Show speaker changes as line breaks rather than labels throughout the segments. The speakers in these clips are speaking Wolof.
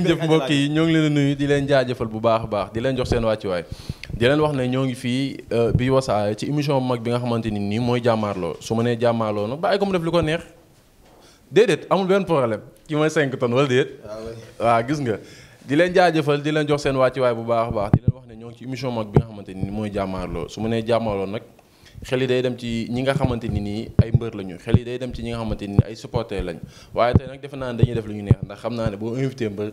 ngeen jëf mbokk yi ñoo ngi leen nuyu di leen jaajëfal bu baax baax di leen jox seen wàccuwaay di leen wax ne ñoo ngi fii euh, bi wasaare ci émission bu mag bi nga xamante ni nii mooy jàmmaarloo su ma nee jàmmaarloo nag bàyyi def li ko neex déedéet amul benn problème ki mooy 5 tonnes wala déet. Ah waaw gis nga di leen jaajëfal di leen jox seen wàccuwaay bu baax baax di leen wax ne ñoo ngi ci mag bi xamante ni mooy jàmmaarloo su ma nee jàmmaarloo nag xel yi day dem ci ñi nga xamante ni nii ay mbër la ñu xel yi day dem ci ñi nga xamante ni ay supporter lañ waaye tey nag defe naa ne dañuy def lu ñu neex ndax xam naa ne boo invité mbër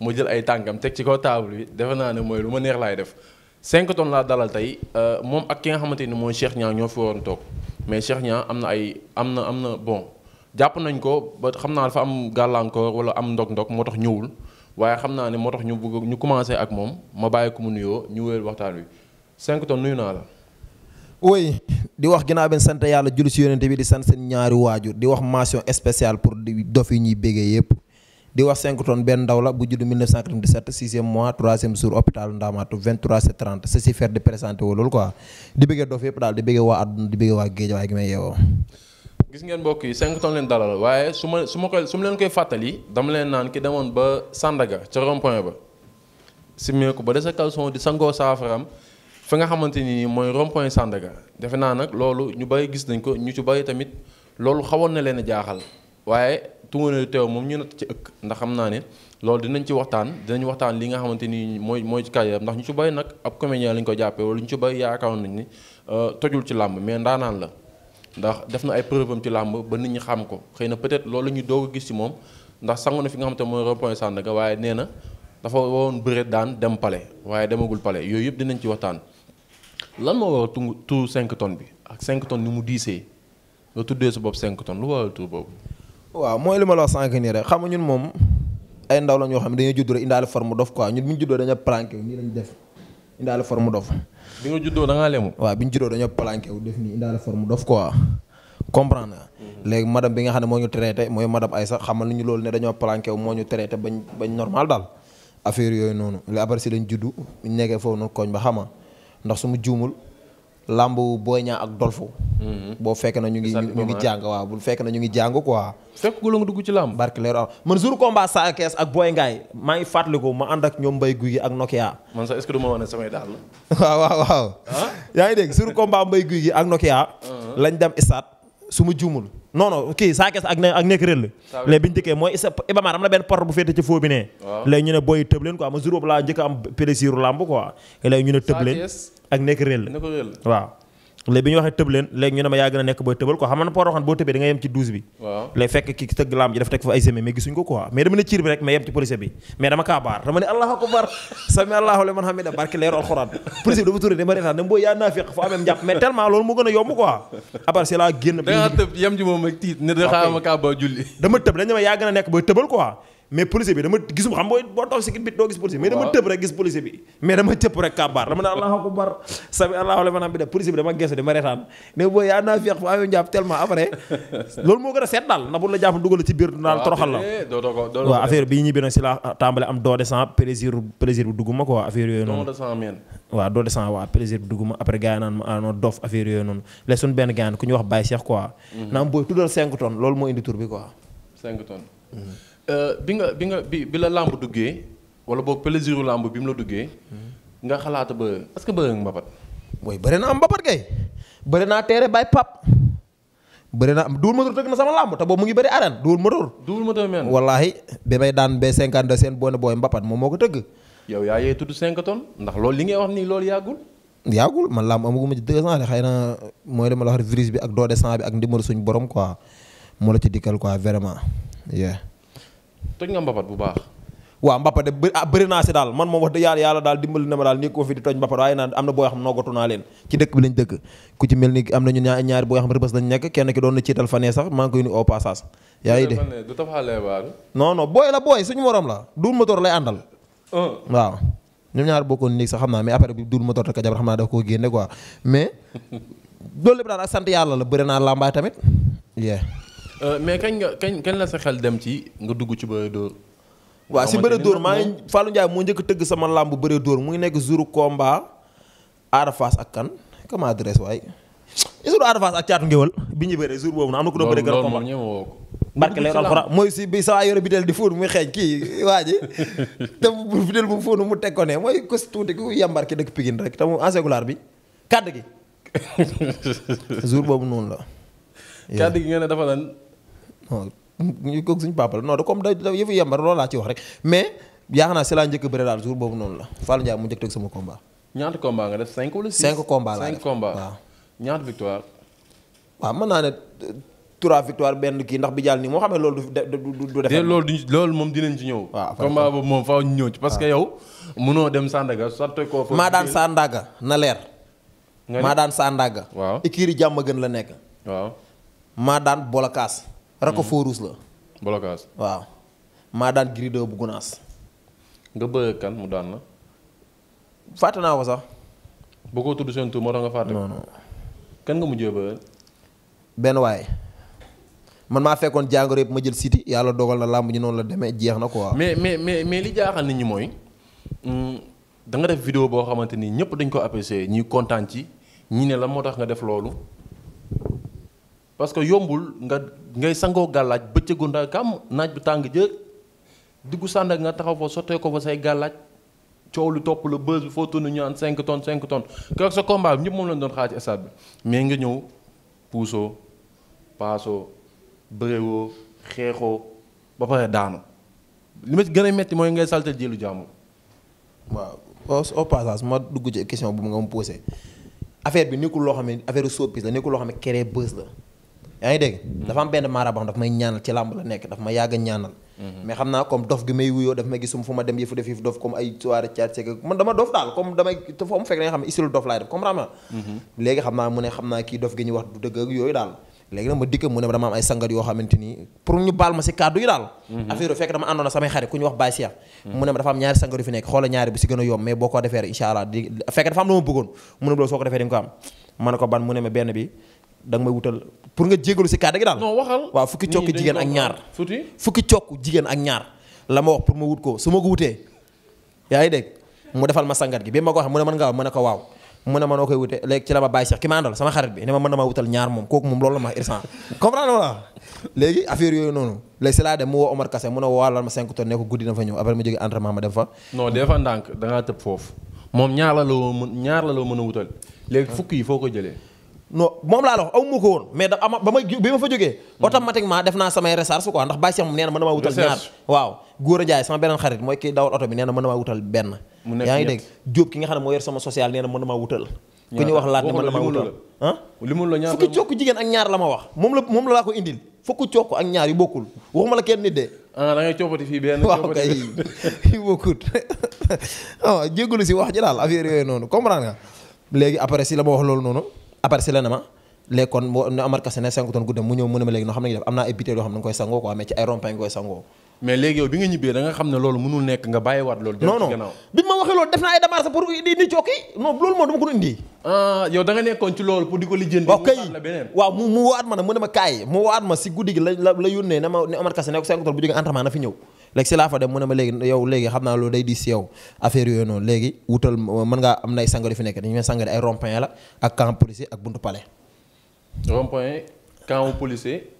mu jël ay tànkam teg ci ko table bi defe naa ne mooy lu ma neex laay def cinq tonnes laa dalal tey euh, moom ak ki nga xamante ni mooy Cheikh Niang ñoo fi waroon toog mais Cheikh Niang am na ay am na am na bon jàpp nañ ko ba xam naa dafa am gàllankoor wala am ndog-ndog moo tax ñëwul waaye xam naa ne moo tax ñu bëgg ñu commencé ak moom ma bàyyi mu nuyoo ñu wéyal waxtaan wi 5 tonnes nuyu naa la.
oui di wax ginnaaw benn sant yàlla julli si yonente bi di sant seen ñaari waajur di wax mention spéciale pour dof yi ñuy béggee yëpp di wax 5 tonnes benn ndaw la bu judd 1997 sixième mois troisième jour hôpital di présenté woo loolu quoi di béggee dof yëpp daal di béggee waa àdduna di béggee waa géej waaye gi may yeewoo
gis ngeen mbokk yi 5 tonnes leen dalal waaye su ma su ma koy su ma leen koy fàttali dama leen naan ki demoon ba Sandaga ca rond ba simmee fi nga xamante ni mooy rond point Sandaga defe naa nag loolu ñu bari gis nañ ko ñu ci bari tamit loolu xawoon na leen a jaaxal waaye tunganelu teew moom ñu natt ci ëkk ndax xam naa ne loolu dinañ ci waxtaan dinañu waxtaan li nga xamante ni mooy mooy ci carrière ñu ci bari nag ab comédien lañ ko jàppee wala ñu ci bari yaakaar nañ ni euh, tojul ci làmb mais ndaanaan la ndax def na ay preuve ci làmb ba nit ñi xam ko xëy na peut-être loolu la ñu doog gis ci moom ndax sangu na fi nga xamante mooy rond point waaye nee na dafa woon bëre daan dem pale waaye demagul pale yooyu yëpp dinañ ci waxtaan lan moo waral tu tuur 5 tonnes bi ak cinq tonnes ni mu diisee nga tuddee sa bopp 5 tonnes lu waral tuur boobu.
waaw mooy li ma la wax nii rek xam nga ñun moom ay ndaw la ñoo xam ne dañoo judd rek indaale forme dof quoi ñun bi ñu juddoo dañoo planqué wu nii def indaale forme dof. bi nga juddoo da ngaa lemu. waaw dañoo planqué wu def nii indaale forme dof quoi mhm. léegi madame bi nga xam ne moo ñu traité mooy madame Aïssa xamal nañu loolu ne dañoo planqué wu moo ñu traité bañ bañ normal daal affaire yooyu noonu léegi après si lañ juddu ñu nekkee foofu noonu koñ ba xama ndax su ma juumul làmb Boy Niang ak Dolfo. Mm-hmm. boo fekk na ñu ngi ñu ngi jàng waaw bu fekk na ñu ngi jàng quoi. fekk gu la nga dugg ci làmb. barke leer man jour combat Sa Thiès ak Boy Ngaay maa ngi fàttaliku ma ànd ak ñoom mbay Guy gi ak Nokia.
man sax est-ce que du samay daal
waaw waaw waaw. Ah? yaa ngi dégg jour combat Mbaye Guy gi ak Nokia. Uh-huh. lañ dem stade su ma juumul. non non kii saa kees ak ne ak nekk réel la bi ñu dikkee mooy Iba Mar am na benn porte bu féete ci foo bi ne ñu ne booy tëb leen quoi ma jour laa njëkk a am plaisir lamb quoi léegi ñu ne tëb ak nekk réel la waaw léegi bi ñu waxee tëb leen léegi ñu ne yaa gën a nekk booy tëbal quoi xam nga Poro xam boo tëbee da yem ci douze bi. waaw fekk ki tëgg laam ji dafa teg fa yaa naa féq amee njàpp mais tellement loolu moo gën a yomb quoi après c'est la génn. da tëb yem ji moom ak tiit ne da xaaral ma
kaa ba julli.
dama tëb dañ ne yaa gën a nekk booy tëbal quoi mais policier bi dama gisuma xam booy boo toog si bit doo gis policier mais dama tëb rek gis policier bi mais dama tëb rek kabaar dama ne allahu akbar sabi allahu liman hamida policier bi dama geesu dama reetaan mais booy yaa naa fiyeq fa ayo njàpp tellement après
loolu moo
gën a seet daal na bu la jàpp dugal ci biir
daal toroxal la eh, eh, waaw affaire
bi ñibbi nag si la ah, tàmbale am doode sans plaisir plaisir bu dugguma quoi affaire yooyu noonu waaw doode ah, mhm. loolu moo indi
Euh, bi nga bi nga bi bi la làmb duggee wala boog plaisiru làmb bi mu la duggee hmm. nga xalaata ba est-ce que bëri mbapat. booy bëri na am mbapat kay
bëri naa teere bay pap bëri naa am duul moteur tëgg na sama làmb te boobu mu ngi bëri arène duul moteur. duul moteur men wallaahi bi may daan ba 52 seen boo ne booy mbapat moom moo ko tëgg. yow
yaa yee tudd 5 tonnes ndax loolu li ngay wax nii loolu yàggul.
yàggul man làmb amaguma ci 2 ans xay na mooy li ma la wax virus bi ak doode sang bi ak ndimbal suñu borom quoi moo la ci dikkal quoi vraiment toj nga mbapat bu baax. waa mbapat de ah, bëri naa si daal man moom wax dëgg yàlla yàlla daal dimbali na ma daal nii ko fi di toj mbapat waaye naan am na boo xam noggatu naa leen ci dëkk bi lañ dëkk ku ci mel ni am nañu ñaar ñaari boo xam rëbës lañ nekk kenn ki doon na ciital fanee sax maa ngi koy nuyu au passage yaa ngi de
du taxalee baal
non non booy la booy suñu morom la duul motoor lay àndal waaw ñoom ñaar bokkoon néeg sax xam naa mais après bi duul motoor rek a jabar xam naa daf koo génne quoi mais loolu sant yàlla la bëri naa làmbaay tamit Euh, mais kañ nga kañ kañ
la sa xel dem ci nga dugg ci ba dóor.
waa si bëre dóor maa ngi Fallou moo njëkk tëgg sama làmb bëre door mu ngi nekk jour komba Ada Fass ak kan comment adresse waay. jour Ada Fass ak caatu ngéwal bi ñu bëree jour boobu na am a combat
barke lay alxuraan
mooy si bi saa yore bitel di fóon muy xeeñ kii waa ji te mu teg ko ne mooy ko tuuti ku yambar ki dëkk bi kàdd gi boobu noonu la kàdd gi nga ne ñu ko suñu papa la comme da comme da yëfu yambar loolu laa ci wax rek mais yaakaar naa si laa njëkk bëre daal jour boobu noonu la Fallou Ndiaye mu njëkk teg sama combat. ñaata combat
nga def 5 wala 6 5 combat laa def 5
waaw. mën naa ne 3 euh, victoire benn kii ndax bi jàll nii moo xam ne loolu du du du def. loolu
du loolu moom dinañ ci ñëw. waaw combat boobu moom faaw ñu ñëw ci parce que yow. mënoo dem Sandaga sotte ko fa. maa daan Sandaga na leer. maa daan Sandaga.
waaw ikiri jàmm gën la nekk. waaw maa daan Bolakaas. rako fóorus la.
blocage waaw. maa daan grido bu gunaas. nga bëgg kan mu daan na fàtte naa ko sax. bu koo tudd seen tur moo tax nga fàtte. non
nga mujjee ba. benn waay. man maa fekkoon jàngoro yëpp ma jël siti yàlla dogal na làmb ñu noonu la demee jeex na quoi.
mais mais mais mais li jaaxal nit ñi mooy mm, danga def vidéo boo xamante ni ñëpp dañ ko apprécier ñuy kontaan ci ñi ne la moo tax nga def loolu. parce que yombul nga ngay sangoo gàllaaj bëccëgu kam naaj bu tàng jë diggu sànd ak nga taxaw fa sottee ko fa say gàllaaj coow lu topp la bës bi foo tund ñu naan 5 tonnes 5 tonnes sa combat bi ñëpp moom lañ doon xaar ci stade bi mais nga ñëw puusoo paasoo bëreewoo xeexoo ba pare daanu li ma gën a métti mooy ngay saltel ji lu
waaw au passage ma dugg ci question bu nga ma posé affaire bi nekkul loo xam ne affaire soppis la nekkul loo xam ne créé bës la. yaa ngi dégg dafa am benn maara boo may ñaanal ci làmb la nekk daf ma yàgg a ñaanal mhm. mais xam naa comme dof gi may wuyoo daf may gisum fu ma dem yëfu def yëfu dof comme ay soirée caat seeg na nga xam ne istilu def comme rama mhm. am ay sangat yoo xamante ni pour ñu baal ma si kàddu yi daal mhm. affaire fekk ku ñu wax Baye Cheikh mu ne ma dafa am ñaari a yomb mais boo ko defee ma bëggoon mu loolu soo ko defee di ko am ma ne ko ban mu ne ma benn bi danga may wutal pour nga jégalu si kàdda gi daal. non waxal waaw fukki cokki jigéen ak ñaar. tuuti fukki cokk jigéen ak ñaar la ma wax pour ma wut ko su ma ko wutee. yaa ngi dégg mu defal ma sangat gi bi ma ko waxee mu ne man nga ma ne ko waaw mu ne ma noo koy wute léegi ci la ma bàyyi Cheikh ki sama xarit bi wutal ñaar moom kooku moom loolu la ma irsan léegi affaire yooyu noonu léegi si laa dem mu woo Omar Kassé mu ne waalal ma 5 tonnes ne ko guddi na fa ñëw après ma jógee entraînement ma dem fa. non des fois ndànk da tëb foofu moom ñaar la loo mën ñaar la loo mën a wutal léegi fukk yi foo ko jëlee no moom laa la aw ma ko woon mais da ama ba ma bi ma fa jógee hmm. automatiquement def naa samay recherche quoi ndax Baye Cheikh moom nee mën na maa wutal ñaar waaw Góora Njaay sama beneen xarit mooy kii dawal oto bi nee na mën na maa wutal benn yaa ngi dégg Jóob ne moo yor sama social nee na mën na maa wutal ku ñu wax laat ne mën na maa wutal ah limul ak ñaar la ma wax moom la moom la laa ko indil fukki cokk ak ñaar yu bokkul
waxuma la kenn nit de ah da ngay coppati fii benn
waaw kay yu bokkul ah oh, jégalu si wax ji daal affaire yooyu noonu comprendre nga léegi après si la ma wax loolu noonu Barcelone ma léegi kon boo marqué ne 5 tonnes guddeem mu ñëw mu ne ma léegi noo xam ne ngi def am naa ay butéel yoo xam nga koy sangoo quoi mais ci ay
rond nga koy sangoo mais léegi yow bi nga ñibbee da xam ne loolu mënul nekk nga bàyyiwaat loolu. non non bi ma waxee
loolu def naa ay démarches pour di di cooki non loolu moom dama ko indi.
Ah, yow da nga nekkoon ci loolu pour
waat ma nag mu ma kaay mu waat ma si guddi gi la la la yónnee ne ma ne Omar Kassé ne ko seen si laa fa dem mu ne ma léegi yow léegi xam naa loolu day di si yow affaire yooyu noonu léegi wutal mën ngaa am na ay sangar yu fi nekk dañu may sangar ay la ak camp policier ak buntu palais.
rond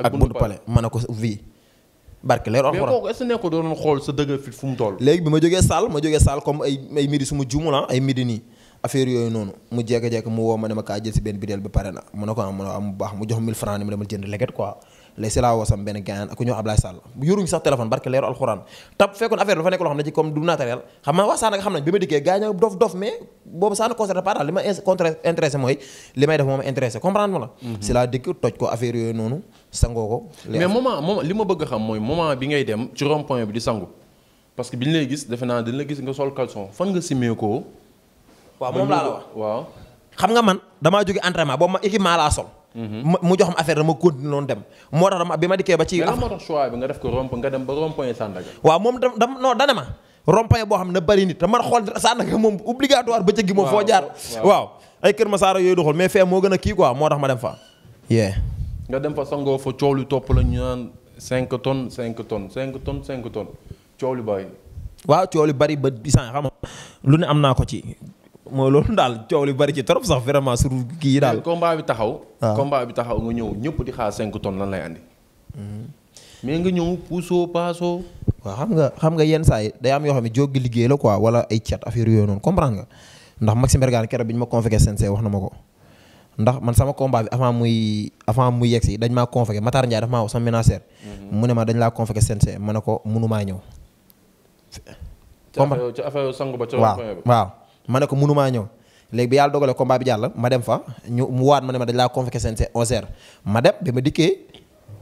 ak buntu palais
mën na ko vie barke leer alxuraan mais kooku est
ce que nekkul doon xool sa dëgg fit fu mu toll.
léegi bi ma jógee saal ma jógee saal comme ay ay midi su ma juumul ah ay midi nii affaire yooyu noonu mu jékki-jékki mu woo ma ne ma kaa benn bideel bi pare na mu ne ko ah mu ne am ah, bu baax mu jox 1000 francs ni ma demal jënd leget quoi lay si laa woo sam benn gaan ku ñëw Ablaye Sall yoruñu sax téléphone barke leeru alxuraan te fekkoon affaire xam ne ci bi ma dikkee gaaña dof dof mais boobu Sane constaté pas li ma intéressé mooy li may def moom intéressé comprendre ma la mhm. si laa dikk
li ma bëgg xam mooy moment bi ngay dem ci rond bi di sangu parce que bi ñu lay gis defe naa dañ gis nga sol caleçon fan nga simee koo
waaw moom laa la wax
waaw xam nga man damaa jóge entraînement boobu ma
équipement laa sol Mhm. mu jox ma affaire dama continué noonu dem moo tax dama bi ma dikkee ba ci. mais moo
tax choix bi nga def
ko romp nga dem ba rond-point Sandaga. waaw moom dam dam non boo xam ne bari nit te man xool Sandaga moom obligatoire bëccëg gi moom foo jaar waaw ay Kër Masara yooyu doxul mais fee moo gën a kii quoi moo tax ma dem fa yee
nga dem fa sangoo fa coow lu topp la ñu naan cinq tonnes cinq tonnes cinq tonnes cinq ton coow lu bari waaw coow lu bari ba bisan xam
lu ne am naa ko ci mooy loolu daal coow li bari ci sax vraiment sur kii yi daal. combat
taxaw. Ah. combat bi taxaw nga ñëw ñëpp di xaar 5 tonnes lan lay andi. mais nga ñëw puusoo paasoo.
waaw xam nga xam nga yenn saa yi day am yoo xam ne jóg liggéey la quoi wala ay cat affaire yooyu noonu comprendre nga ndax Maxime Bergane keroog bi ñu ma convoqué CNG wax na ma ko. ndax man sama combat bi avant muy avant mu yegg si dañ maa convoqué Matar Ndiaye dafa maa woo sama ménagère. Mhm. mu ne ma dañ laa convoqué CNG ma ne ko mënumaa ñëw.
comprendre ca affaire sangu ba ca waaw waaw.
ma ne ko mënumaa ñëw léegi bi yàlla dogalee combat bi jàll ma dem fa ñu waat ma ne ma dañ laa convoqué seen ma dem bi ma dikkee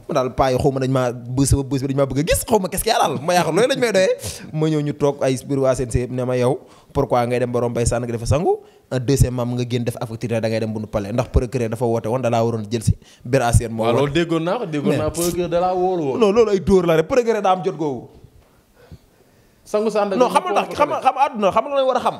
ma daal paa xaw ma dañ maa bës ba dañ maa bëgg a gis xaw ma qu'est-ce qu'il a daal ma yaakaar loolu bay sànn nga génn def affecture dafa woote woon da laa waroon jël si moo loolu déggoon
naa ko déggoon naa procureur da laa wóolu woon non loolu
ay dóor la rek procureur daa am jot googu sangu sànd non xam nga a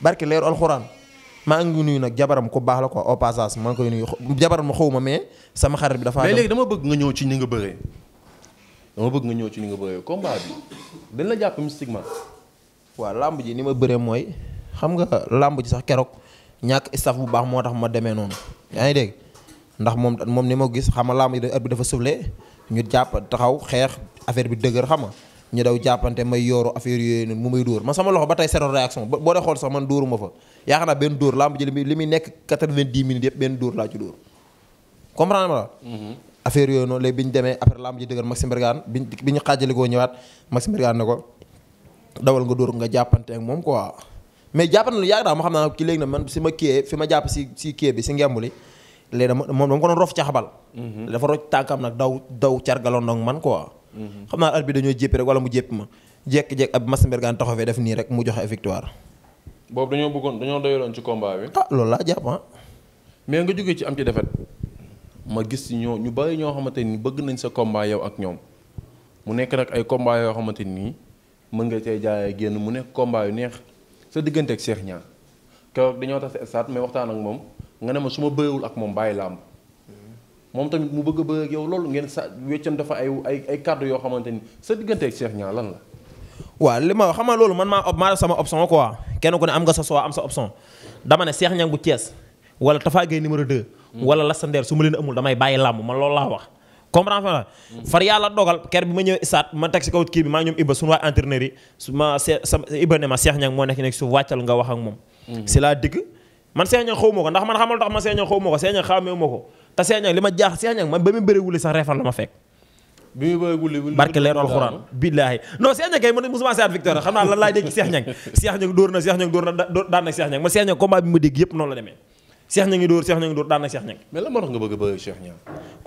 barke leeru alxuraan maa ngi nuyu nag jabaram ku baax la quoi au passage maa ngi koy nuyu jabaram xaw ma mais sama xarit bi dafa mais léegi dama
bëgg nga ñëw ci ni nga bëree dama bëgg nga ñëw ci ni nga bëree combat bi dañ la jàpp mystiquement. waaw làmb ji ni ma bëree mooy
xam nga làmb ji sax keroog ñàkk staff bu baax moo tax ma demee noonu yaa ngi dégg ndax moom moom ni ma gis xam nga làmb ji heure bi dafa soufflé ñu jàpp taxaw xeex affaire bi dëgër xam nga ñu daw jàppante may yooru affaire yooyu noonu mu may dóor man sama loxo ba tey zéro réaction boo dee xool sax man dóoruma fa yaakaar naa benn dóor làmb ji li muy nekk quatre-vingt-dix minutes yëpp benn dóor laa mhm. affaire yooyu noonu léegi demee après làmb ji dëgër Maxime Bergan bi bi ñu xaajalikoo ñëwaat Maxime Bergan ko dawal nga nga jàppante ak moom quoi mais jàpp na lu yàgg ma xam naa ci léegi nag man si ma kii ma jàpp si si kii bi si ngembuli léegi dama moom dama ko doon xabal
mhm. dafa roj
tànkam nag daw daw cargaloon nag man quoi Mhm. xam naa arbitre bi dañoo jéppi rek wala mu jéppi ma jekk-jekk ab Massenbergane taxawee def nii rek mu joxe victoire
boobu dañoo bëggoon dañoo doyaloon ci combat bi ah loolu laa jàpp ah. mais nga jógee ci am ci defet ma gis ci ñoo ñu bari ñoo xamante ni bëgg nañ sa combat yow ak ñoom mu nekk nag ay combat yoo xamante nii mën nga cay jaayee génn mu nekk combat yu neex sa diggante ak Cheikh Niang keroog dañoo tax sa stade mais waxtaan ak moom nga ne ma su bëriwul ak moom bàyyi làmb moom tamit mu bëgg a bëgg ak yow loolu ngeen sa wéccan dafa ay ay kàddu yoo xamante ni sa diggante ak Cheikh Niang lan la. waaw li ma xam nga loolu man maa op maa def sama option kenn ku
ne am nga sa soo am sa option dama ne Cheikh Niang bu Thiès wala Tafa Gueye numéro 2. wala Lassander su ma leen amul damay bàyyi làmb man loolu laa wax. comprends fa la far yàlla dogal ker bi ma ñëw isaat ma teg si kaw kii bi maa ñoom Iba suñu waa entraîneur yi su ma see sa Iba ne ma Cheikh Niang moo nekk nekk suuf wàccal nga wax ak moom. Mhm. si laa digg man Cheikh Niang xaw ma ko ndax man xamal tax man Cheikh Niang xaw ma ko Cheikh Niang xàmmee ma ko te Cheikh Niang li ma jaax Cheikh Niang man ba mu bëri wuli sax reefal la ma fekk. bi muy bëri wuli wuli barke leeral xuraan billaahi non Cheikh Niang kay man mosuma seet victoire xam naa lan laay dégg Cheikh Niang Cheikh Niang dóor na Cheikh Niang dóor na daan na Cheikh Niang man Cheikh Niang combat bi ma dégg yëpp noonu la demee Cheikh ña ngi dóor Cheikh ña ngi dóor daan na Cheikh ña ngi. mais lan moo tax nga bëgg a bëgg Cheikh ña.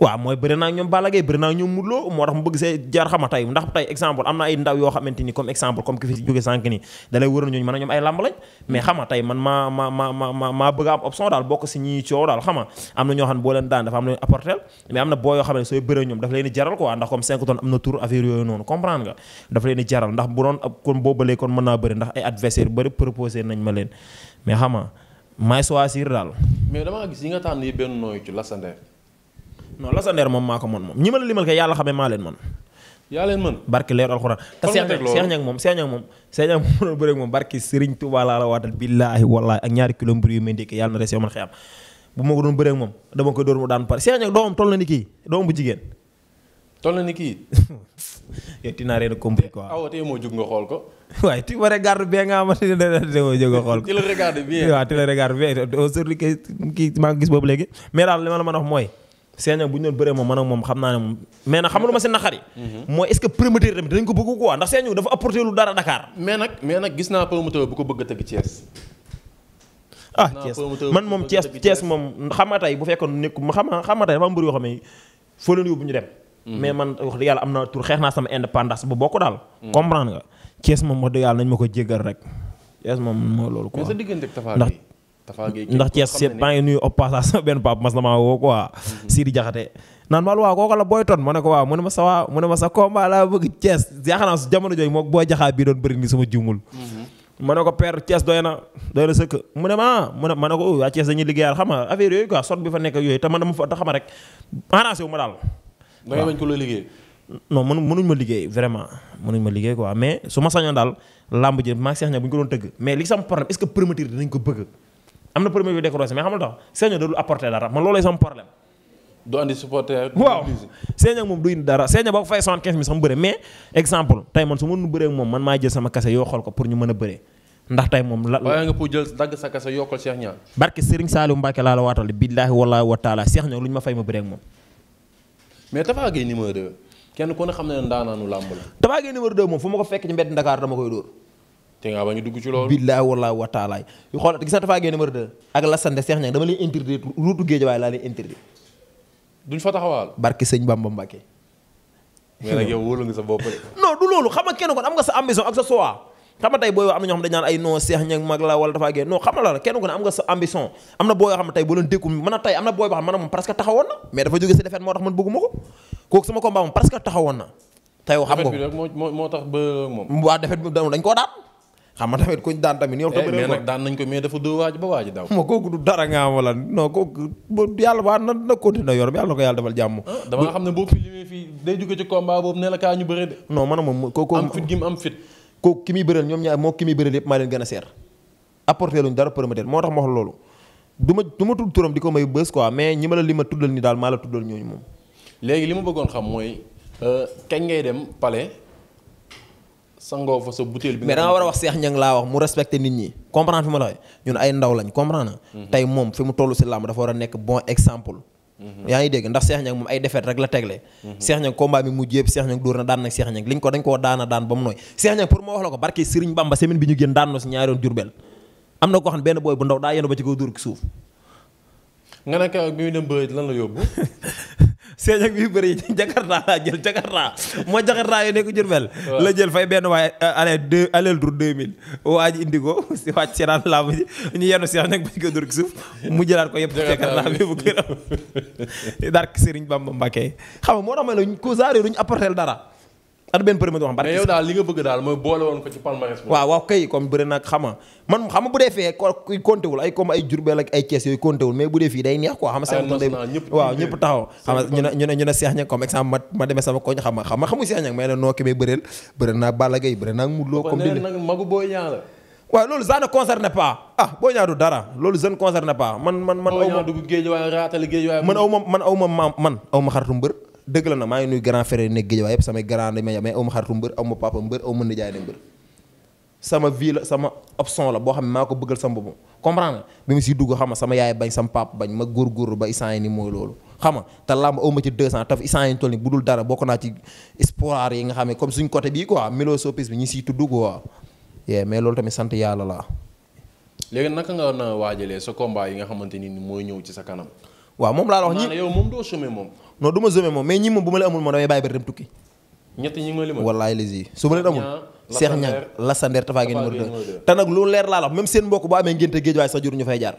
waaw mooy bëri naa ñoom Balla Gaye bëri naa ñoom Modou Lo moo tax mu bëgg see jaar xama tey ndax tey exemple am na ay ndaw yoo xamante ni comme exemple comme ki fi jóge sànq nii da lay wëral ñooñu mën a ñoom ay lamb lañ mais xama tey man maa ma ma ma ma maa bëgg a am option daal bokk si ñi coow daal xama am na ñoo xam ne boo leen daan dafa am leen apporter mais am na boo yoo xam ne sooy bëree ñoom dafa leen jaral quoi ndax comme 5 tonnes am na tour affaire yooyu noonu comprendre nga dafa leen jaral ndax bu doon kon boobalee kon mën naa bëri ndax ay adversaire bëri proposé nañ ma leen mais xama maay choisir daal.
mais damaa gis yi nga tànn yi benn nooyu ci Lassander. non
Lassander moom maa ko mën moom ñi ma la limal kay yàlla xamee maa leen mën. yaa leen mën barki leer alxuraan te seex ñag moom seex ñag moom seex ñag moom la waatal billaahi wallaahi ak ñaari kilo mbir yu may ndékki yàlla na moom dama ko dóor mu daan pare seex ñag doomam toll na ni kii doomam bu jigéen toll na ni kii
yow dinaa reen a compris quoi aw tey moo jug nga xool ko
waaye tu me regardes bien nga xamante ne da nga jóg xool. tu le regardes bien waaw tu le regardes bien aujourd'hui kii maa ngi gis boobu léegi. mais daal ma la mën a wax mooy. Sénégal bu ñu doon bëree moom man ak moom xam naa ne moom. mais nag mhm. ah, bu man moom Thiès Thiès moom xam bu fekkoon nekk ma xam nga xam nga tey dafa yoo xam ne foo leen yóbbu ñu dem. Mhm. mais man wax am na tur xeex naa sama indépendance bu bokk daal mhm. comprendre nga kees moom wax dëgg yàlla nañ ma ko jéggal rek kees moom mooy loolu quoi.
mais ndax kees seet maa ngi
nuyu au passage sama benn papa mas na maa woo quoi. Mhm. Sidi Diakhaté naan ma waaw kooku la Boy Ton ma ne ko waaw mu ne ma sa waaw mu ne ma sa combat laa bëgg Thiès yaakaar boo jaxaa bii doon bëri ni sama juumul. Mhm. ma ne ko père Thiès doy na ma mu ne ma oh, dañuy liggéeyaat xam nga affaire yooyu quoi sot bi fa nekk yooyu te man dama ma te xam rek arrangé wu ma daal. waaw ko non mënu mënuñ ma liggéey vraiment mënuñ ma liggéey quoi mais su ma sañoon daal làmb ji maa ngi Cheikh bu ñu ko doon tëgg mais li sama problème est ce que promoteur dinañ ko bëgg am na promoteur bi ko fay 75 mi sama tey man su ma nu bëree ak moom maa jël sama kase yoo xool ñu a
pour jël dagg sa kase yokkal Cheikh Niang
barke Serigne Saliou Mbacké laa la waatal billaahi wallaahi ma fay ma bëree ak moom
mais Tapha Gueye numéro 2 kenn ku ne xam ne ndaanaanu làmb la. Tapha Gueye numéro 2 moom fu ma ko fekk ci mbedd Dakar dama koy dóor. te ngaa ba ñu dugg ci loolu. billaay
wallaay wa taalaay xool gis na Tapha Gueye numéro 2 ak Lassane de Cheikh Niang dama leen interdit ruutu géej waaye laa leen interdit. duñ fa taxawaal. barke sëñ Bamba Mbacke. mais nag yow wóolu nga sa bopp non loolu xam nga kenn kon am nga sa ambition ak sa choix xam nga ne dañ a boo xam ne moom presque taxawoon na mais dafa jóge si defet moo tax man na tey yow xam nga
moo
am na na continuer yàlla na ko yàlla defal jàmm ah, dama xam
ne boo fi limee fii day jóge ci combat boobu ne kaa ñu bëre de
non man moom am fit gi mu am fit kooku ki muy bëral ñoom ñaar moo ki muy bëral yëpp maa leen gën a seer apporté luñ dara promoteur moo tax ma wax loolu du ma du ma tudd turam di ko may bës quoi mais ñi ma la li ma tuddal ni daal maa la tuddal ñooñu moom.
léegi li ma bëggoon xam mooy euh, kañ ngay dem palais sangoo fa sa butéel bi. mais da war a wax
Cheikh Niang laa wax mu respecté nit ñi comprendre fi ma la ndaw lañ comprendre na. Mhm. tey moom fi mu toll si làmb dafa war a nekk bon exemple. yaa ngi dégg ndax Cheikh Niang moom ay défaite rek la tegle Cheikh Niang combat bi mujj yëpp Cheikh Niang dóor na daan nag Cheikh Niang liñ ko dañ koo daana daan ba mu nooy Cheikh Niang pour ma wax la ko barke Serigne Bamba semaine bi ñu génn daan na si am na ko xam benn booy bu ndaw daa yenu ba ci kaw dóor ki suuf
nga ne keroog bi ñu dem bëri lan la
yóbbu seen ak yu bëri Jakarta laa jël Jakarta moo Jakarta yi nekk Jurbel la jël fay benn waaye euh, allez deux allez dur deux mille waa ji indi ko si wàcc seetaan làmb ji ñu yenn seex nag bañ ko dur ki mu jëlaat ko yëpp Jakarta bi bu këram dark Serigne Bamba Mbacké xam nga moo tax ma ñu ko saaree duñ apporter dara at benn përëmët wax. mais yow daal
li nga bëgg daal mooy boole woon ko ci palmarès. waaw
waaw kay comme bëri nag xama man xam bu dee fee kuy ay comme ay Jurbel ak ay Thiès yooyu compté wul bu dee fii day neex quoi. xam nga nga ñu exemple ma ma sama koñ xam nga xam nga may la noo ki may bëreel bëri naa Balla Gaye bëri naa Modou comme di nag magu loolu ça ne ah, ne concerne man man man aw man aw ma man dëgg la na maa ngi nuy grand frère yi nekk géej waaye yëpp samay grand dañ may mais xaritu mbër aw ma mbër aw nijaay ne mbër sama vie la sama option la boo xam ne maa ko bëggal sama bopp comprendre bi mu si dugg xam nga sama yaay bañ sama papa bañ ma góorgóorlu ba instant yi nii mooy loolu xam nga te làmb aw ma ci 200 taf instant yi toll dara bokk naa ci espoir yi nga xam ne comme suñ côté bii quoi milo sopis bi ñu siy tudd quoi yeah mais loolu tamit sant yàlla laa
léegi naka nga na waajalee sa combat yi nga xamante ni mooy ñëw ci sa kanam
waaw moom laa la wax ñi
yow moom doo semé moom
non du ma semé moom mais ñi moom bu ma la amul moom damay bàyyi ba dem tukki
ñett ñi nga limal
su ma leen amul Cheikh Niang Lassander Tapha Gueye numéro 2 te nag lu leer laa la wax même seen mbokk bu amee ngénte géej waaye sax jur ñu fay jaar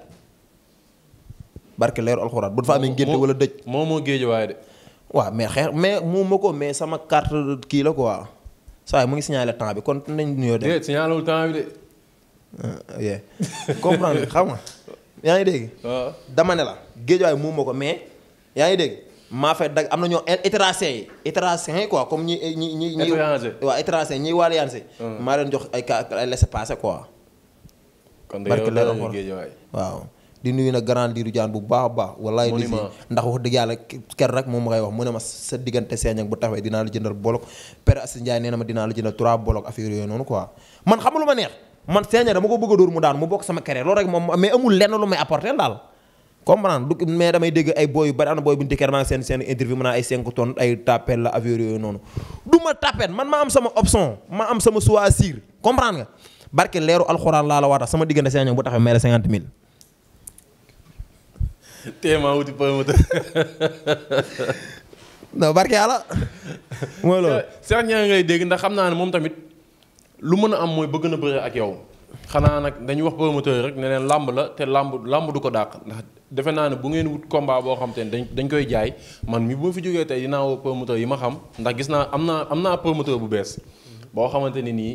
barke leeru alxuraan bu dafa amee ngénte wala dëj moo moo géej waaye de waaw mais xeex mais mu ma ko mais sama carte kii la quoi saa yi mu ngi signalé temps bi kon nañ nuyoo dem. déedéet
signalé wul de. Ah,
comprendre yaa ngi dégg. Ah. dama ne la géejawaay muuma ko mais yaa ngi dégg maa fay dag am na ñoo étranger yi étranger yi comme ñi ñi ñi ñi. étranger waaw étranger ñi wàllu yaan ah. si. maa leen jox ay cas ay laisser passer quoi. kon de yow daal waaw. di nuyu na grand liiru jaan bu baax a baax. wallaay di ndax wax dëgg yàlla ker rek moom ma koy wax mu ne ma sa diggante seeñ ak bu taxawee dinaa la jëndal bolok Père Assane Ndiaye nee na ma dinaa la jëndal trois bolok affaire yooyu noonu quoi man xamuluma neex. man seeña dama ko bëgg dóor mu daan mu bokk sama kere loolu rek moom mais amul lenn lu may apporter daal comprendre du mais damay dégg ay booy yu bari am na booy bu ñu dikkee maa ngi seen interview mu naan ay 5 tonnes ay tapet la affaire yooyu noonu du ma man maa am sama option ma am sama choisir comprendre nga barke leeru alxuraan laa la waata sama diggante seeña bu taxaw may la 50 000. yàlla
mooy loolu. Cheikh ngay dégg ndax xam naa ne moom tamit. lu mën a am mooy bëgg na bëre ak yow xanaa nag dañuy wax promoteur rek ne leen làmb la te làmb làmb du ko dàq ndax defe naa ne bu ngeen wut combat boo xam te ne dañ dañ koy jaay man mi bu ma fi jógee tey dinaa woo promoteur yi ma xam ndax gis naa am naa am naa promoteur bu bees boo xamante ne nii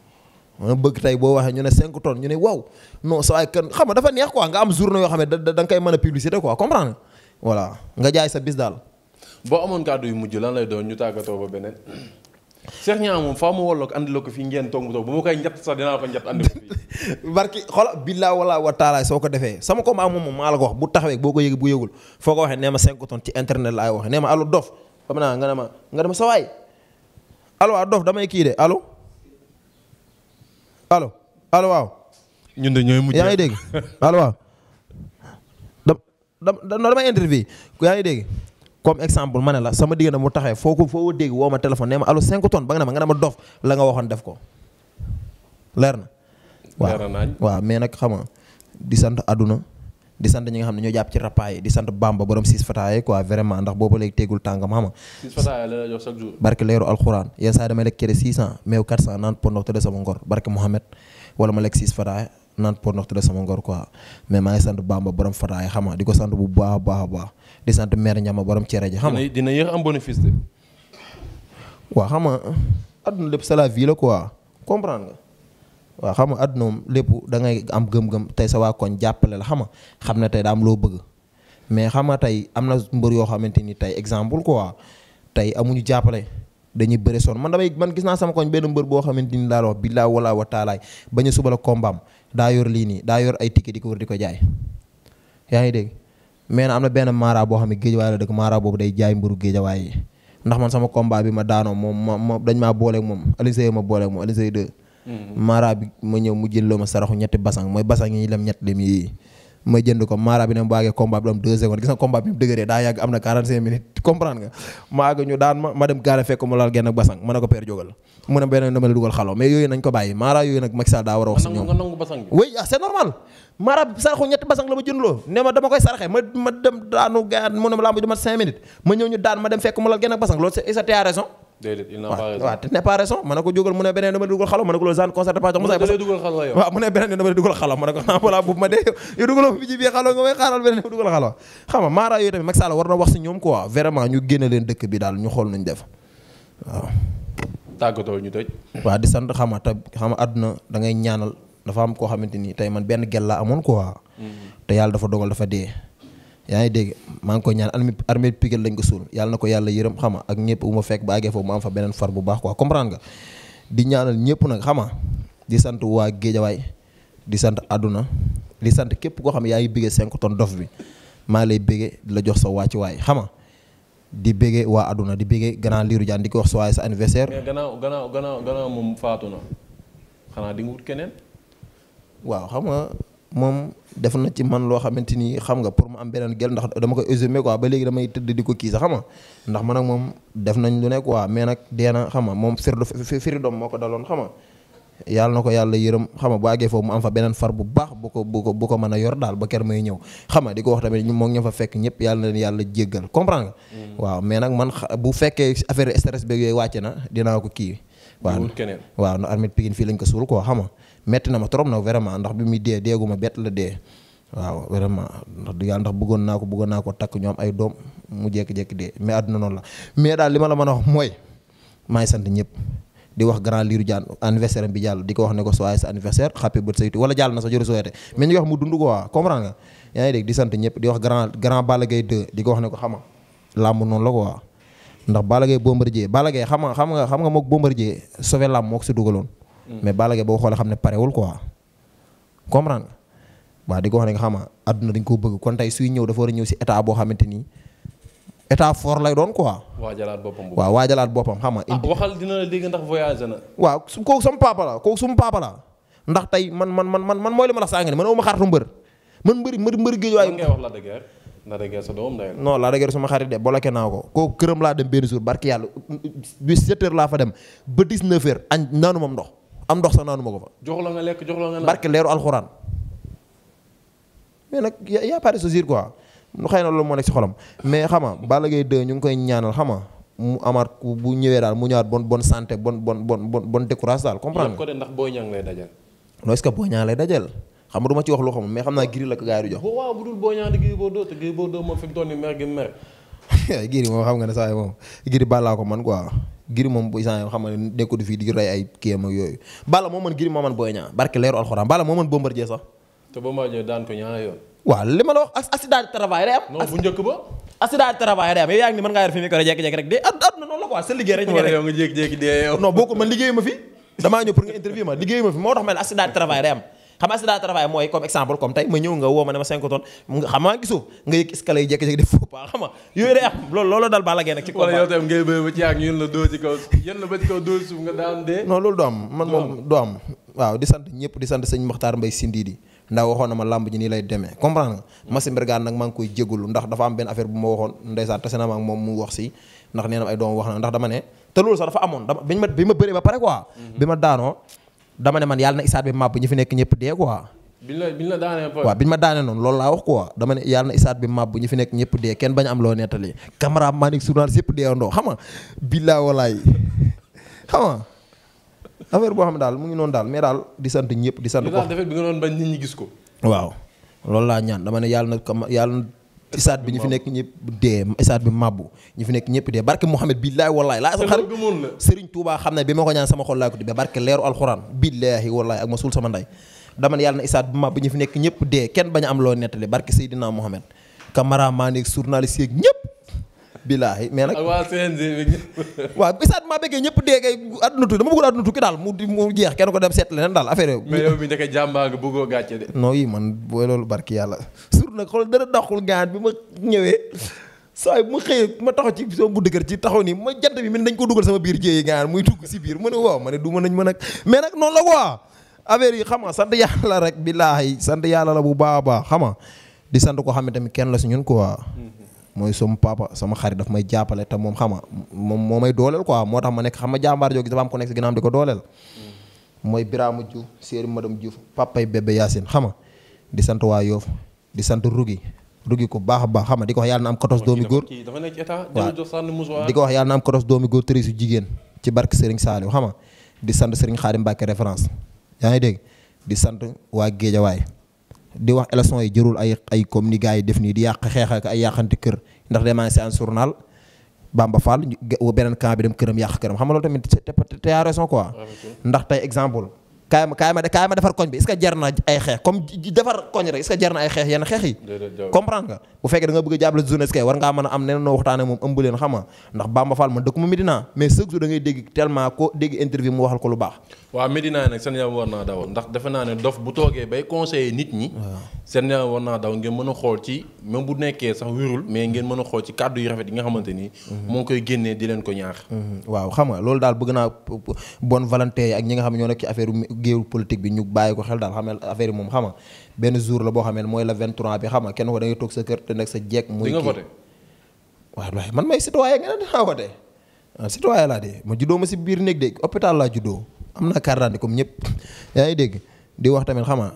bëgg tey boo waxee ñu ne 5 tonnes ñu ne waaw non sa waay kan xam nga dafa neex quoi nga am journée yoo xam ne da nga koy mën a publicité quoi comprendre voilà nga jaay sa bis daal.
boo amoon kàddu yu mujj lan lay doon ñu tàggatoo ba beneen. Cheikh Niang moom faa mu woloog andi la ko fii ngeen toog ma koy njatt sax dinaa ko njatt
wala wa taalaay soo ko defee sama combat moom maa la ko wax bu taxawee boo ko yëg bu yëgul foo ko waxee nee ma 5 tonnes ci internet laay waxee nee ma allo dof xam naa nga ne ma nga ne ma sa waay allo dof damay kii de allo alo allo waaw.
ñun de ñooy mujj yaa ngi dégg allo waaw.
da da non interview yaa ngi dégg comme exemple ma ne la sama diggante mu taxee foo ko foo dégg woo ma téléphone nee ma allo 5 tonnes ba nga ne ma nga ne dof la nga waxoon def ko leer na. leer na waaw mais nag xam nga di sant àdduna di sant ñi nga xam ne ñoo jàpp ci rappaay di sant Bamba borom siis fataaye quoi vraiment ndax boobu léegi tegul tàngam xama
siis fataaye la
alxuraan yenn saa damay lekk cere 600 meew 400 naan pot ndox tëdd sama ngor barke Mohamed wala ma lekk siis fataaye naan pot ndox tëdd sama ngor quoi mais maa ngi sant Bamba borom fataaye xama di ko sant bu baax a baax a baax di sant mère Ñama borom cere ji xama dina yéex àdduna lépp c'est la vie waa xam nga àdduna moom lépp da ngay am gëm-gëm tey sawaa waa koñ jàppale la xam nga xam ne tey daa am loo bëgg mais xam nga tey am na mbër yoo xamante ni tey exemple ko quoi tey amuñu jàppale dañuy bëre sonn man damay man gis naa sama koñ benn mbër boo xamante ni daal wax billaa wala a suba la daa yor lii nii daa yor ay ticket di ko wër di ko jaay yaa ngi dégg mais na am na benn maara boo xam ne géejawaay la dëkk maara boobu day jaay mburu géejawaay yi ndax man sama combat bi ma daanoo moom ma ma dañ maa booleeg moom Alizé ma booleeg moom Alizé maara mm-hmm. bi ma ñëw mu jëlloo ma saraxu ñetti basang mooy basang yi ñu dem ñett dem yii ma jënd ko maara bi ne ma waagee combat bi daa mu laal genn ma dugal xalo mais yooyu nañ ko bàyyi maara yooyu nag Macky daa war a wax si ñoom
nga ah c'est
normal maara saraxu ñetti basang la ma jëndloo ne ma dama koy saraxe ma ma dem daanu gaan mu ne ma lamb ji ma cinq minutes ma ñëw ñu daan ma dem fekk mu laal genn ak basang loolu c'est raison
déedéet il te
n'est pas raison ma ne ko jógal mu ne beneen dama dugal xalam ma ne ko loolu genre concert dafa jox Moussa waaw mu ne beneen dama dugal xalam ma ne ko ah voilà dugal xalam xam nga yooyu tamit Macky Sall war na wax si ñoom quoi vraiment ñu génne leen dëkk bi daal ñu xool nuñ def
waaw
di sant xam te xam àdduna da ngay ñaanal dafa am koo xamante ni tey man benn gel laa amoon quoi mm-hmm. te yàlla dafa dogal dafa dee yaa ngi dégg maa ngi koy ñaan armée armée Pikine lañ ko suul yàlla na ko yàlla yërëm xama ak ñëpp bu ma fekk ba àggee foofu ma am fa beneen far bu di ñaanal ñëpp nag xama di sant waa Géejawaay di sant àdduna di sant képp koo xam ne yaa ngi bégee 5 tonnes dof bi maa lay bégee la jox sa wàccuwaay xama di bégee waa àdduna di bégee grand Lirou Diane di ko wax sa waaye sa anniversaire.
mais gannaaw gannaaw gannaaw moom faatu na xanaa di nga wut keneen.
waaw xam moom def na ci man loo xamante ni xam nga pour mu am beneen gel ndax dama ko exhumé quoi ba léegi damay tëdd di ko kii sax xam nga ndax man ak moom def nañ lu ne quoi mais nag dee na xam nga moom fir doom moo ko daloon xam nga yàlla na ko yàlla yërëm xam nga bu àggee foofu mu am fa beneen far bu baax bu ko bu ko bu a yor daal ba ker may ñëw xam nga di ko wax tamit ñu moom ñoo fekk ñëpp yàlla na leen yàlla jéggal comprendre nga. Mm. waaw mais nag man bu fekkee affaire stress beeg yooyu na dinaa ko kii. waaw waaw no armée Pikine fii lañ ko suul quoi xam metti na ma trop na vraiment ndax bi muy dee deegu ma bett la dee waaw vraiment ndax di yàlla ndax bëggoon naa ko bëggoon naa ko takk ñoom ay doom mu jékki jekk dee mais àdduna noonu la mais daal li ma la mën a wax mooy maay sant ñëpp di wax grand liiru jaan anniversaire bi jàll di ko wax ne ko soaay sa anniversaire happy birthday to wala jàll na sa jëru souhaité mais ñu wax mu dund ko waa comprendre nga yaa dégg di sant ñëpp di wax grand grand Balla Gaye di wax ne ko xama làmb noonu la ko ndax Balla Gaye Bombardier Balla Gaye xam nga xam nga xam nga mook Bombardier sauvé làmb moo ko si dugaloon mais bala Gaye boo xoolee xam ne parewul quoi comprendre nga waaw di koo wax ne nga xam àdduna dañ koo bëgg kon tey suy ñëw dafa war a ñëw si état boo xamante ni état fort lay doon quoi.
waajalaat boppam boobu waaw
waajalaat boppam xam nga. indi ah,
waxal dina la dégg ndax voyagé na.
waaw su kooku sama papa la kooku suma papa ndax tey man man man man mooy li ma la sànq ne man ma xaritu mbër man mbëri mbëri mbëri géej
waaye. ngay wax la dëgër. la dëgër sa doom day non la
dëgër suma xarit de bloqué naa ko kooku këram laa dem benn jour barki yàlla bi 7 laa fa dem ba 19 heures añ naanu moom ndox am ndox sax naanu ma ko fa.
jox la nga lekk jox la nga naan barke leeru alxuraan. mais nag y'
a pas de souci nu xëy na loolu moo nekk si xolam mais xam nga Balla Gaye ñu ngi koy ñaanal xam nga mu amaat ku bu ñëwee daal mu ñëwaat bon bonne santé bon bon bon bon bon décourage daal comprendre ko
de ndax Boy Niang lay dajal.
non est-ce que lay dajal xam nga du ci wax lu xam mais xam naa Gris la ko gars yi di jox.
waaw bu dul Boy Niang di Gris Bordeaux te Gris Bordeaux moom fi mu toll nii gi mer.
Gris nga ne saa yi moom Gris ko man quoi. giri moom bu isaan xam yooyu Balla moo mën giri moo mën Boy Niang barke leeru alxuraan Balla moo mën Bombardier sax.
te Bombardier daan ko ñaari yoon.
waaw li ma la wax accident de travail am. non bu njëkk ba. accident de travail day am yow yaa nga jékki-jékki de yow. non bokkul man liggéeyu fi damaa ñëw pour nga interview ma liggéeyu fi moo tax ma ne accident de travail am xam nga accident de mooy comme exemple comme tey ma ñëw nga woo ne ma 5 xam maa gisu nga yëg escalier yi jékki-jékki def faux
xam nga yooyu day am
man moom du am waaw di sant ñëpp di sant sëñ Maxtaar Mbay Sindidi ndax waxoon na ma lamb ji nii lay demee comprendre nga mm. Massi nag maa koy jégalu ndax dafa am benn affaire bu ma waxoon ndeysaan tase na ma ak moom mu wax si ndax nee na ay doom wax na ndax dama ne te loolu sax dafa amoon dama bi ma bëree dama ne man yàlla na isaat bi màbb ñi fi nekk ñëpp dee quoi.
biñ la biñ
ma daanee noonu loolu laa wax quoi dama ne yàlla na isaat bi màbb ñi fi nekk ñëpp dee kenn bañ am loo nettali caméra man ak journaliste yëpp deewandoo xam nga billaa walaay xam nga boo xam ne daal mu ngi noonu daal mais daal di sant ñëpp di sant. ko defet bi nga waaw loolu laa ñaan dama ne yàlla na yàlla isaat bi ñu fi nekk ñëpp dee isaat bi mabbu ñu fi nekk ñëpp dee barke Mouhamed billaahi wallaahi laa sa xarit Serigne Touba xam ne bi ma ko ñaan sama xol laa ko tibbee barke leeru alxuraan billaahi wallaahi ak ma suul sama ndey dama yàlla na isaat bi mabbu ñu fi nekk ñëpp dee kenn bañ am loo nettali barke Seydina Mouhamed camara maa nekk ñëpp bilaahi mais nag waa
bi
waaw maa bëggee ñëpp dee kay àdduna tukki dama bëggul àdduna tukki daal mu mu jeex kenn ko dem seet
leneen daal affaire yooyu. mais yow mi
yi yàlla surtout nag xool dara doxul gaan bi ma ñëwee soo bu ma xëyee ma taxaw ci sama bu dëgër ci taxaw nii ma jant bi man dañ ko dugal sama biir jéeyi gaan muy dugg si biir ma ne waaw ma ne du ma nañ ma nag mais nag noonu la quoi affaire yi xam nga sant yàlla rek bilaahi sant yàlla la bu baax a baax xam di sant koo xam mi tamit kenn la si ñun quoi hmm. mooy sama papa sama xarit daf may jàppale te moom xama moom moo may dooleel quoi moo tax ma nekk xam ma jàmbaar joogi dafa am ko nekk si ginnaaw di ko dooleel mooy Birama Diouf Séeri Madame Diouf papay bébé Yacine xama di sant waa Yoof di sant Rugi rugi ko baax a baax xama di ko wax yàlla na am 14 doomi góor
waaw di ko wax yàlla
na am 14 doomi góor tëri su jigéen ci barke Serigne Saliou xama di sant Serigne Khadim Mbacke référence yaa ngi dégg di sant waa Géejawaay di wax élection yi jërul ay ay comme def nii di yàq xeex ak ay yàqante kër ndax demaa ngi si en journal Bamba Fall beneen camp bi dem këram yàq këram xam nga loolu tamit te te raison quoi. Ah, ndax tey exemple. kaay ma defar koñ bi est-ce na ay xeex comme defar koñ rek est-ce na ay xeex yenn xeex yi comprendre nga bu fekkee da bëgg a jàppale jeunesse kay war ngaa mën a am neneen noo waxtaane moom ëmb leen xam nga mu Medina
a a mhm. koy génnee di leen ko ñaax
mhm. waaw xam loolu daal bëgg naa bonne volonté ak ñi nga xam ñoo nekk ci géew politique bi ñu bàyyi ko xel daal xam nga moom xam benn jour la boo xam ne mooy la 23 bi xam nga kenn ko da ngay toog sa kër te nekk sa jeeg. muy kii waaye man may citoyen nga ne naa ah, carte d'identité di wax tamit xam nga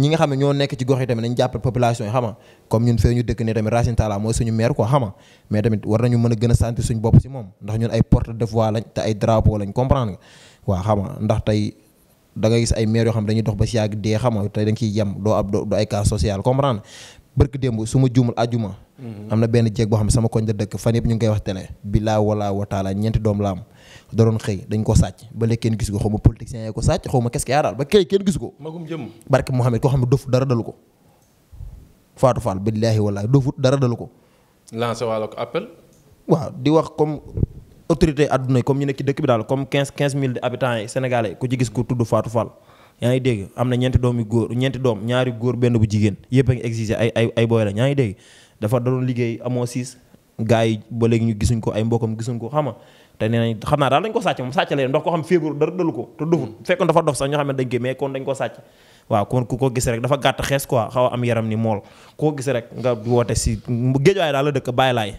ñi nga xam ne ñoo nekk ci gox yi tamit nañ jàppale population yi xam nga comme ñun fee ñu dëkk ne tamit Racine Talla mooy suñu maire quoi xam nga tamit war nañu mën a gën a sentir suñu bopp si moom ndax ñun ay porte de voix lañ te ay drapeau lañ comprendre da nga gis ay maire yoo xam dañuy dox ba si yàgg dee xam nga te da nga ciy doo ab doo ay cas social comprendre bërk démb su ma juumul ajuma mm-hmm. am na benn jeeg boo xam sama koñ da dëkk fan yëpp ñu ngi wax télé bilaa wala wa ñeenti doom la da doon xëy dañ ko sàcc ba léegi kenn ko xaw ma politicien yee ko sàcc xaw ma daal ba këy kenn gis ko barke Mohamed koo xam ne dof dara dalu ko Fatou Fall billaahi wallaahi dofut dara dalu autorité àdduna yi comme ñu nekk ci dëkk bi daal comme quinze quinze mille habitants yi sénégalais ku ci gis ku tudd Fatou Fall yaa ngi dégg am na ñeenti doom yu góor doom ñaari góor benn bu jigéen ay ay ay booy la yaa ngi dégg dafa doon liggéey amoo siis gars yi ba léegi ñu gisuñ ko ay mbokam gisuñ ko xam nga te nee nañ xam naa daal dañ ko sàcc moom sàcc la ndax ko xam feebar dara dalu ko te doful mm. fekkoon dafa dof sax ñoo xam ne dañ ko mais kon dañ ko sàcc waaw kon ku ko gis rek dafa gàtt xees ko a am yaram ni mool ku ko gis rek nga woote si géej waaye daal la dëkk bàyyi laay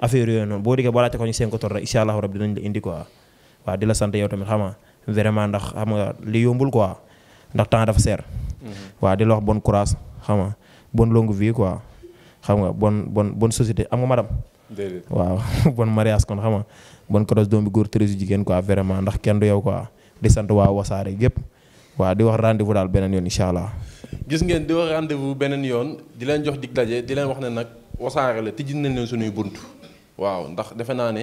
affaire yooyu noonu boo dikkee boo laajte ko ñu seen ko tor rek incha allahu rabi dinañ la indi quoi waaw di la sant yow tamit xam nga ndax xam li yombul quoi ndax temps dafa seer. Mhm. waa di la wax bon courage xam nga bonne longue vie quoi xam nga bon bon bonne am nga madame. déedéet waaw bon mariage kon xam nga bon courage doom bi góor tërësu jigéen quoi vraiment ndax kenn du yow quoi di sant waa wasaare gépp waaw di wax rendez-vous daal beneen yoon incha allah.
gis ngeen di wax rendez-vous di leen jox dig daje di wax ne nag wasaare la tijji nañ bunt. waaw ndax defe naa ne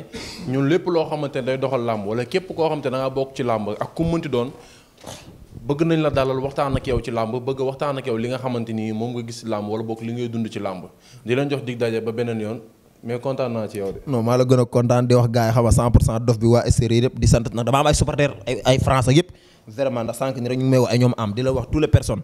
ñun lépp loo xamante ne day doxal làmb wala képp koo xamante ne da bokk ci làmb ak ku mënti doon bëgg nañ la dalal waxtaan ak yow ci làmb bëgg waxtaan ak yow li nga xamante ni moom nga gis làmb wala bokk li ngay dund ci làmb di leen jox dig daje ba beneen yoon mais kontaan naa ci yow de.
non maa la gën a kontaan di wax gars yi xam nga 100% dof bi waa SRI yëpp di sant nag dama am ay supporters ay ay français yëpp vraiment di la wax toutes les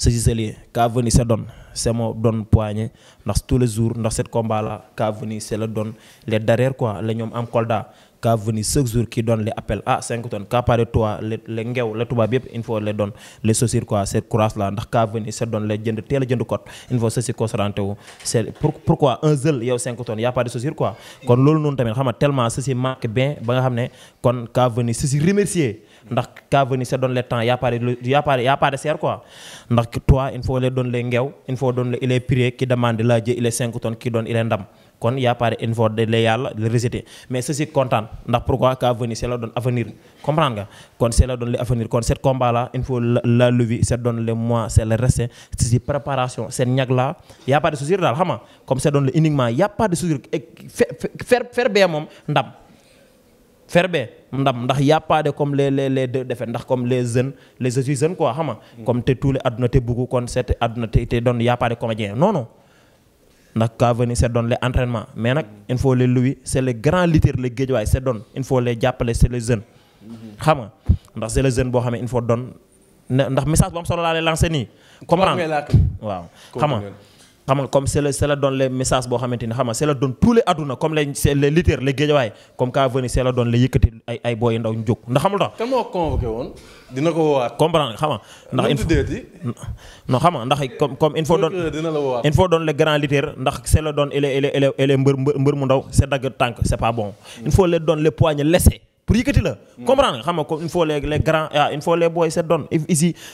ceci cela qu'a venu se donne c'est mon donne poignée ndax tous les jours ndax cette combat là qu'a venu c'est la donne les derrière quoi la ñoom am Kolda qu'a venu chaque jour qui donne les appels à ah, 5 tonnes qu'a paré la tubaab yëpp il faut les donne les socir quoi cette courage là ndax qu'a venu se donne jënd teel jënd kot il faut ceci ko sarante wu c'est pourquoi un seul yow 5 tonnes y a pas de kon loolu noonu tamit xam nga tellement ceci marque ba nga xam ne kon qu'a ndax qu'à venir c'est le temps y a pas de y a pas de ndax toi il faut le donne le ngeew il faut donne le il est prié demande la Dieu il est 5 tonnes qui donne ndam kon y a pas faut le yàlla le rejeter mais ceci kontaan ndax pourquoi qu'à venir c'est la donne avenir comprendre nga kon c'est la donne le avenir kon cet combat là il faut la lever c'est donne le mois c'est le reste c'est préparation c'est ñag là y a pas daal xam Ferbé ndam ndax yàppaade comme les les les deux défaites ndax comme les jeunes les je suis jeune quoi xam nga mm. comme te tuule àdduna te bugg kon seet àdduna te ndax ka venir doon les entraînements mais nag mm. il faut les louer c'est les grands leaders les géejuwaay seet doon il faut les jàppale c'est les jeunes mm-hmm. xam nga ndax c'est les jeunes boo xam ne il faut doon ndax message bu am solo laa lay lancer nii waaw xam xam nga comme c'est la c'est la doon boo xamante ni c'est la doon tous les comme les les lutteurs géejawaay comme kaa veni c'est la doon la yëkkati ay ay ndaw jóg ndax xamul tax comme comme il doon il faut doon ndax c'est la doon ele ele ele mbër mbër mu ndaw c'est dagg tànk c'est pas bon il faut les doon les poignes laissées pour yëkkati la. Mm. comprendre nga xam nga comme il faut les les grands ah il faut les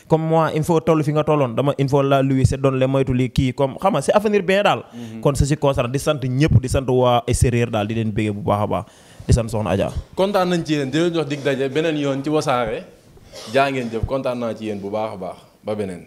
comme moi il faut fi nga tolloon dama il faut la lui se donne les moytu li kii comme xam nga c'est avenir bien daal. Mm-hmm. kon c'est si constant di sant ñëpp di sant waa Séeréer daal di leen béggee bu baax a baax di sant soxna Adja.
kontaan nañ ci yéen di leen jox dig daje beneen yoon ci wasaare jaa ngeen jëf kontaan naa ci yéen bu baax a baax ba beneen.